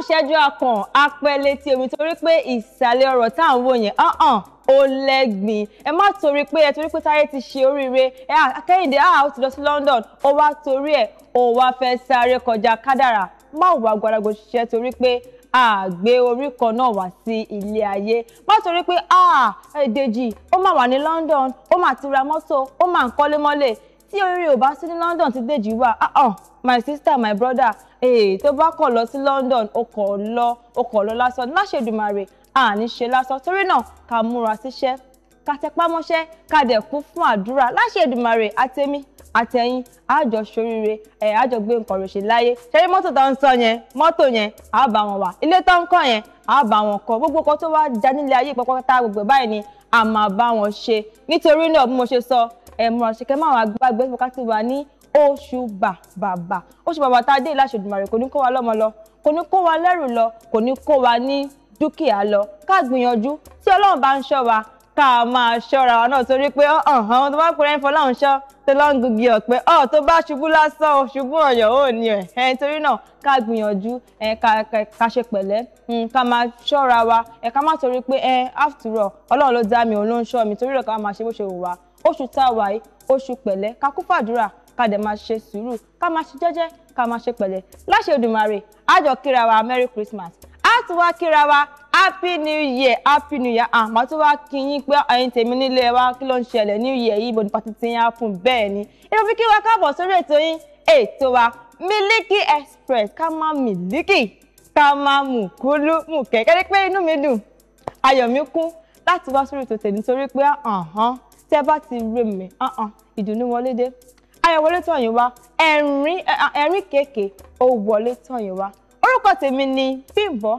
ìṣẹ́jú akàn apẹ́lẹ́ tí omi torí pé ìsàlẹ̀ ọ̀rọ̀ tá à ń wò yẹn ọ̀hàn ó lẹ́gbìn ẹ má torí pé ẹ torí pé táyé ti ṣe oríire ẹ akẹ́yìndé àá ó ti lọ sí London ó wá torí ẹ̀ ó wá fẹ́ sáré kọjá kádàrà má wà gbadagbò ṣiṣẹ́ torí pé àgbé orí kan náà wá sí ilé ayé má torí pé Dèjì ó mà wà ní London ó mà ti ra mọ́tò ó mà ń kọ́lé mọ́lẹ̀ tí oríire ò bá sí ní London ti Dèjì wà my sister my brother ee eh, tó bá kọ̀ lọ sí London ó kọ̀ lọ ó kọ̀ lọ lásán láṣẹdùmarè àní ṣe lásán torí náà ká múra síṣẹ́ ká tẹpámọ́ṣẹ́ ká dẹ̀ kún fún àdúrà láṣẹdùmarè àtẹmí àtẹ̀yìn àjọ ṣoríire ẹ àjọ gbé nǹkan rẹ̀ ṣe láyé ṣẹrí mọ́tò tó ń sọ yẹn mọ́tò yẹn àá bá wọn wà ilé tó ń kọ́ yẹn àá bá wọn kọ́ gbogbo kan tó wá já nílé ayé pátápátá gbogbo báyìí ni a máa bá wọn ṣe nítorí náà bí mo ṣe sọ ẹ múra ṣe máa wá gbàgbé pọkátì wa ní oṣù bàbàbà oṣù bàbà tá a dé ìlàṣẹ Èdùmàrè kò ní kó wa lọ́mọ lọ kò ní kó wa lẹ́rù lọ kò ní kó wa ní dúkìá lọ ká gbìyànjú tí Ọlọ́run bá ń ṣọ́ wa ká máa ṣọ́ra wa náà torí pé ọ̀hún tó bá pèrè ń fọláhùn ṣọ́ tó lọ́n gbogbo ọ̀pẹ ọ̀ tó bá ṣubú lásán o ṣubú ọ̀yọ̀ ò ní ẹ̀ torí náà ká gbìyànjú ẹ̀ ká ṣe pẹ̀lẹ́ hm, ká máa ṣọ́ra wa ẹ̀ ká má torí pé ẹ̀ after all Ọlọ́run ló dá mi òun ló ń ṣọ́ mi torí rẹ̀ ká máa ṣe bó ṣe wù wá oṣù tá yìí oṣù pẹ̀lẹ́ ká kú fàdúrà ká dẹ̀ máa ṣe sùúrù ká máa ṣe jẹ́jẹ́ ká máa ṣe pẹ̀lẹ́ láṣẹ Olódùmarè á kíra wa merry christmas á tún wá kíra wa happy new year happy new year ah, àmọ́ tó wá kí yín pé ẹ̀yin tèmi nílé wa kí ló ń ṣẹlẹ̀ new year yìí ibo pàtó ti yín fún bẹ́ẹ̀ ni inú fi kí wa káàbọ̀ sórí ètò yín ètò wa Miliki Express ká má miliki ká má mùkúlú mùkẹ́ kẹ́lẹ́ pé inú mi dùn ayọ̀ mi kún láti wá sórí ètò tèmi torí pé tẹ́ bá ti rí ìdùnnú wọlé dé ayọ̀ wọlé tọ̀yìn wá ẹ̀rín ẹ̀rín kéèké ó wọlé tọ̀yìn wá orúkọ tèmi ni Bímbọ́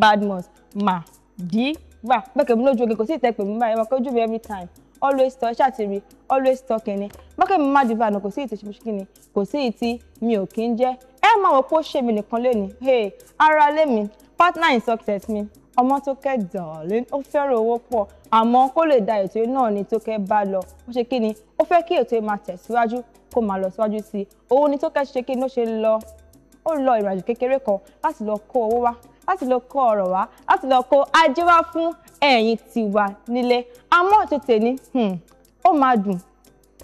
Badmus Madiva pẹ̀kẹ́ mi lójú oge kò sí ìtẹ́ pèmí báyìí wọn kò mi every time always talk ṣàtìrí always talk ẹni mọ́kẹ́mi Madiva náà kò sí ìtì ṣe kíni kò sí ìtì mi ò kí ń jẹ́ ẹ máa wọ pé ó ṣe mi nìkan lónìí hey ara lé mi partner in success mi ọmọ tó kẹ́ dọ̀ọ́lé ó fẹ́ràn owó pọ̀ àmọ́ kó lè da ètò yìí náà ni Tókẹ́ bá lọ ó ṣe kí ni ó fẹ́ kí ètò yìí máa tẹ̀síwájú kó máa lọ síwájú sí i òun ni Tókẹ́ ṣe kí ni ó ṣe lọ ó lọ ìrìnàjò kékeré kan láti lọ kó owó wá láti lọ kó ọrọ̀ wá láti lọ kó ajé wá fún ẹ̀yin tiwa nílé àmọ́ ètò tèmi hmm, ó máa dùn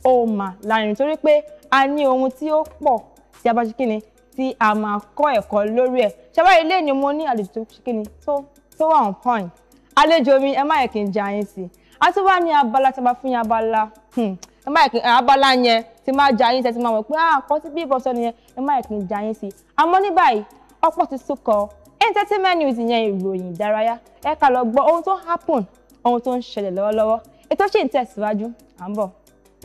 ó máa lárinrin torí pé a ní ohun tí ó pọ̀ tí a bá ṣe kí ni tí a máa kọ́ ẹ̀kọ́ lórí ẹ̀ ṣàbáyé ilé ni mo ní àlejò tó ṣe kí ni tó tó wà on point àlejò mi ẹ má yẹ kí n ja yín sí a tún wá ní abala tí a bá fún yín abala hmm, ẹ má yẹ kí n abala yẹn ti máa ja yín sí ẹ ti máa mọ̀ pé àkọ́ sí bí ìbọ̀sọ̀ nìyẹn ẹ má yẹ kí n ja yín sí àmọ́ ní báyìí ọ̀pọ̀ ti tún entertainment news yẹn ìròyìn ìdárayá ẹ ká lọ gbọ́ ohun tó happen ohun tó ń ṣẹlẹ̀ lọ́wọ́lọ́wọ́ ètò ṣì ń tẹ̀síwájú à ń bọ̀.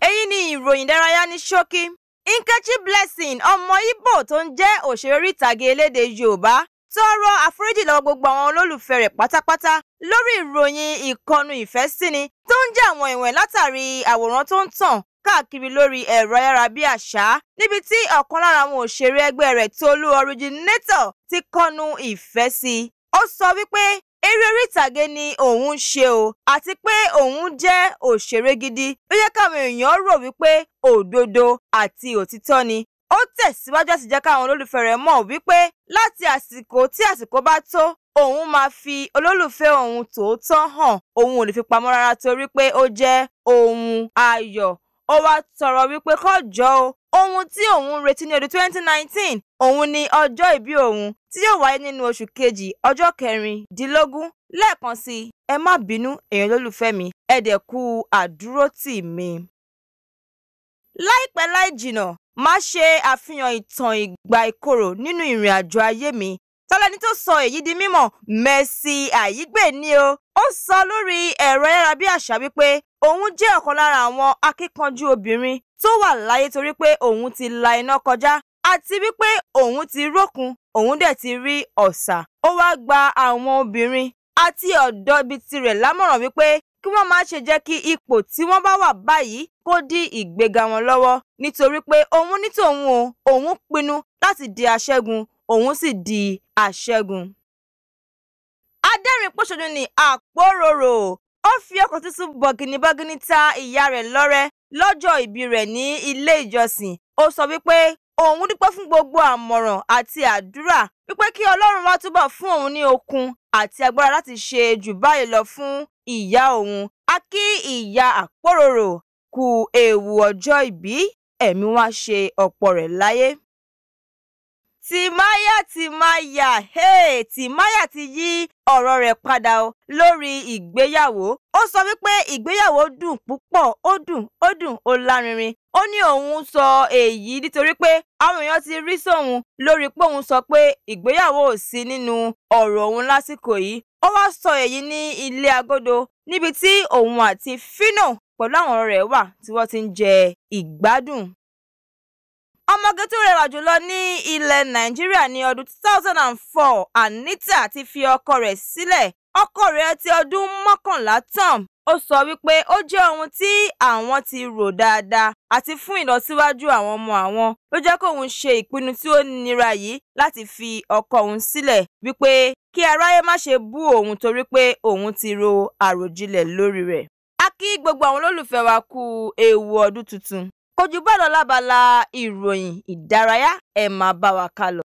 èyí ni ìròyìn ìdárayá ní ṣókí Nkechi Blessing ọmọ Ìgbò tó ń jẹ́ òṣèré orí ìtàgé elédè Yorùbá tọrọ àforíjì lọ́wọ́ gbogbo àwọn olólùfẹ́ rẹ̀ pátápátá lórí ìròyìn ìkọnu ìfẹ́ síni tó ń jẹ́ àwọn ìwọ̀n látàrí àwòrán tó ń tàn káàkiri lórí ẹ̀rọ ayárabíàṣá níbi tí ọ̀kan lára àwọn òṣèré ẹgbẹ́ rẹ̀ Tolú Originator ti kọnu ìfẹ́ sí i. ó sọ wípé eré orí ìtàgé ni òun ṣe o àti pé òun jẹ́ òṣèré gidi ló yẹ káwọn èèyàn rò wípé òdodo àti òtítọ́ ni ó tẹ̀síwájú àti jẹ́ káwọn olólùfẹ́ rẹ̀ mọ̀ wípé láti àsìkò tí àsìkò bá tó òun máa fi olólùfẹ́ òun tòótọ́ hàn òun ò lè fi pamọ́ rárá torí pé ó jẹ́ ohun ayọ̀ ó wá tọrọ wípé kọjọ o ohun tí òun retí ní ọdún 2019 òun ni ọjọ́ ìbí òun tí yóò wáyé nínú oṣù kejì ọjọ́ kẹrìndínlógún lẹ́ẹ̀kan sí ẹ má bínú èèyàn olólùfẹ́ mi ẹ dẹ̀ kú àdúrótì mi. láìpẹ́ láì jìnà Máa ṣe àfihàn ìtàn ìgbà ìkorò nínú ìrìnàjò ayé mi. Tọ́lẹ́ni tó sọ èyí di mímọ̀ Mercy Àyígbè ni o. Ó sọ lórí ẹ̀rọ ayárabíàṣá wípé òun jẹ́ ọ̀kan lára àwọn akíkanjú obìnrin tó wà láyé torí pé òun ti la iná kọjá àti wípé òun ti rókun òun dẹ̀ ti rí ọ̀sà. Ó wá gba àwọn obìnrin àti ọ̀dọ́ ibi tirẹ̀ lámọ̀ràn wípé kí wọ́n má ṣe jẹ́ kí ipò tí wọ́n bá wà báyìí kó dí ìgbéga wọn lọ́wọ́ nítorí pé òun ní tòun o òun pinnu láti di aṣẹ́gun òun sì di aṣẹ́gun. adẹ́rìn-pọ̀ṣọ́dún ni àpòròrò ó fi ọkọ̀ tuntun bọ̀gìnìbọ̀gìnì ta ìyá rẹ̀ lọ́rẹ́ lọ́jọ́ ìbí rẹ̀ ní ilé ìjọsìn ó sọ wípé òun dúpẹ́ fún gbogbo àmọ̀ràn àti àdúrà wípé kí ọlọ́run wá túbọ̀ fún òun ní okun àti agbára láti ṣe jù báyìí lọ fún ìyá òun a kí ìyá àpòròrò kú èèwù ọjọ́ ìbí ẹ̀mí wá ṣe ọ̀pọ̀ rẹ̀ láyé. tìmáyà tìmáyà tìmáyà ti yí ọ̀rọ̀ rẹ̀ padà o lórí ìgbéyàwó ó sọ wípé ìgbéyàwó dùn púpọ̀ ó dùn ó dùn ó lárinrin ó ní òun sọ èyí nítorí pé àwọn èèyàn ti rí sóun lórí pé òun sọ pé ìgbéyàwó ò sí nínú ọ̀rọ̀ òun lásìkò yìí ó wá sọ èyí ní ilé agodo níbi tí òun àti Fino pẹ̀lú àwọn ọ̀rẹ́ wà tí wọ́n ti ń jẹ ìgbádùn ọmọge tó rẹwà jùlọ ní ilẹ̀ nàìjíríà ní ọdún 2004 anita ti fi ọkọ rẹ̀ sílẹ̀ ọkọ rẹ̀ ti ọdún mọ́kànlá tom Ó sọ wípé ó jẹ́ ohun tí àwọn ti rò dáadáa àti fún ìlọsíwájú àwọn ọmọ àwọn ló jẹ́ kóun ṣe ìpinnu tí ó nira yìí láti fi ọkọ òun sílẹ̀ wípé kí aráyé má ṣe bú òun torí pé òun ti ro àròjinlẹ̀ lórí rẹ̀. A kí gbogbo àwọn olólùfẹ́ wa kú ewu ọdún tuntun. Kò jù bẹ́ẹ̀ lọ lábala ìròyìn ìdárayá ẹ máa bá wa kálọ.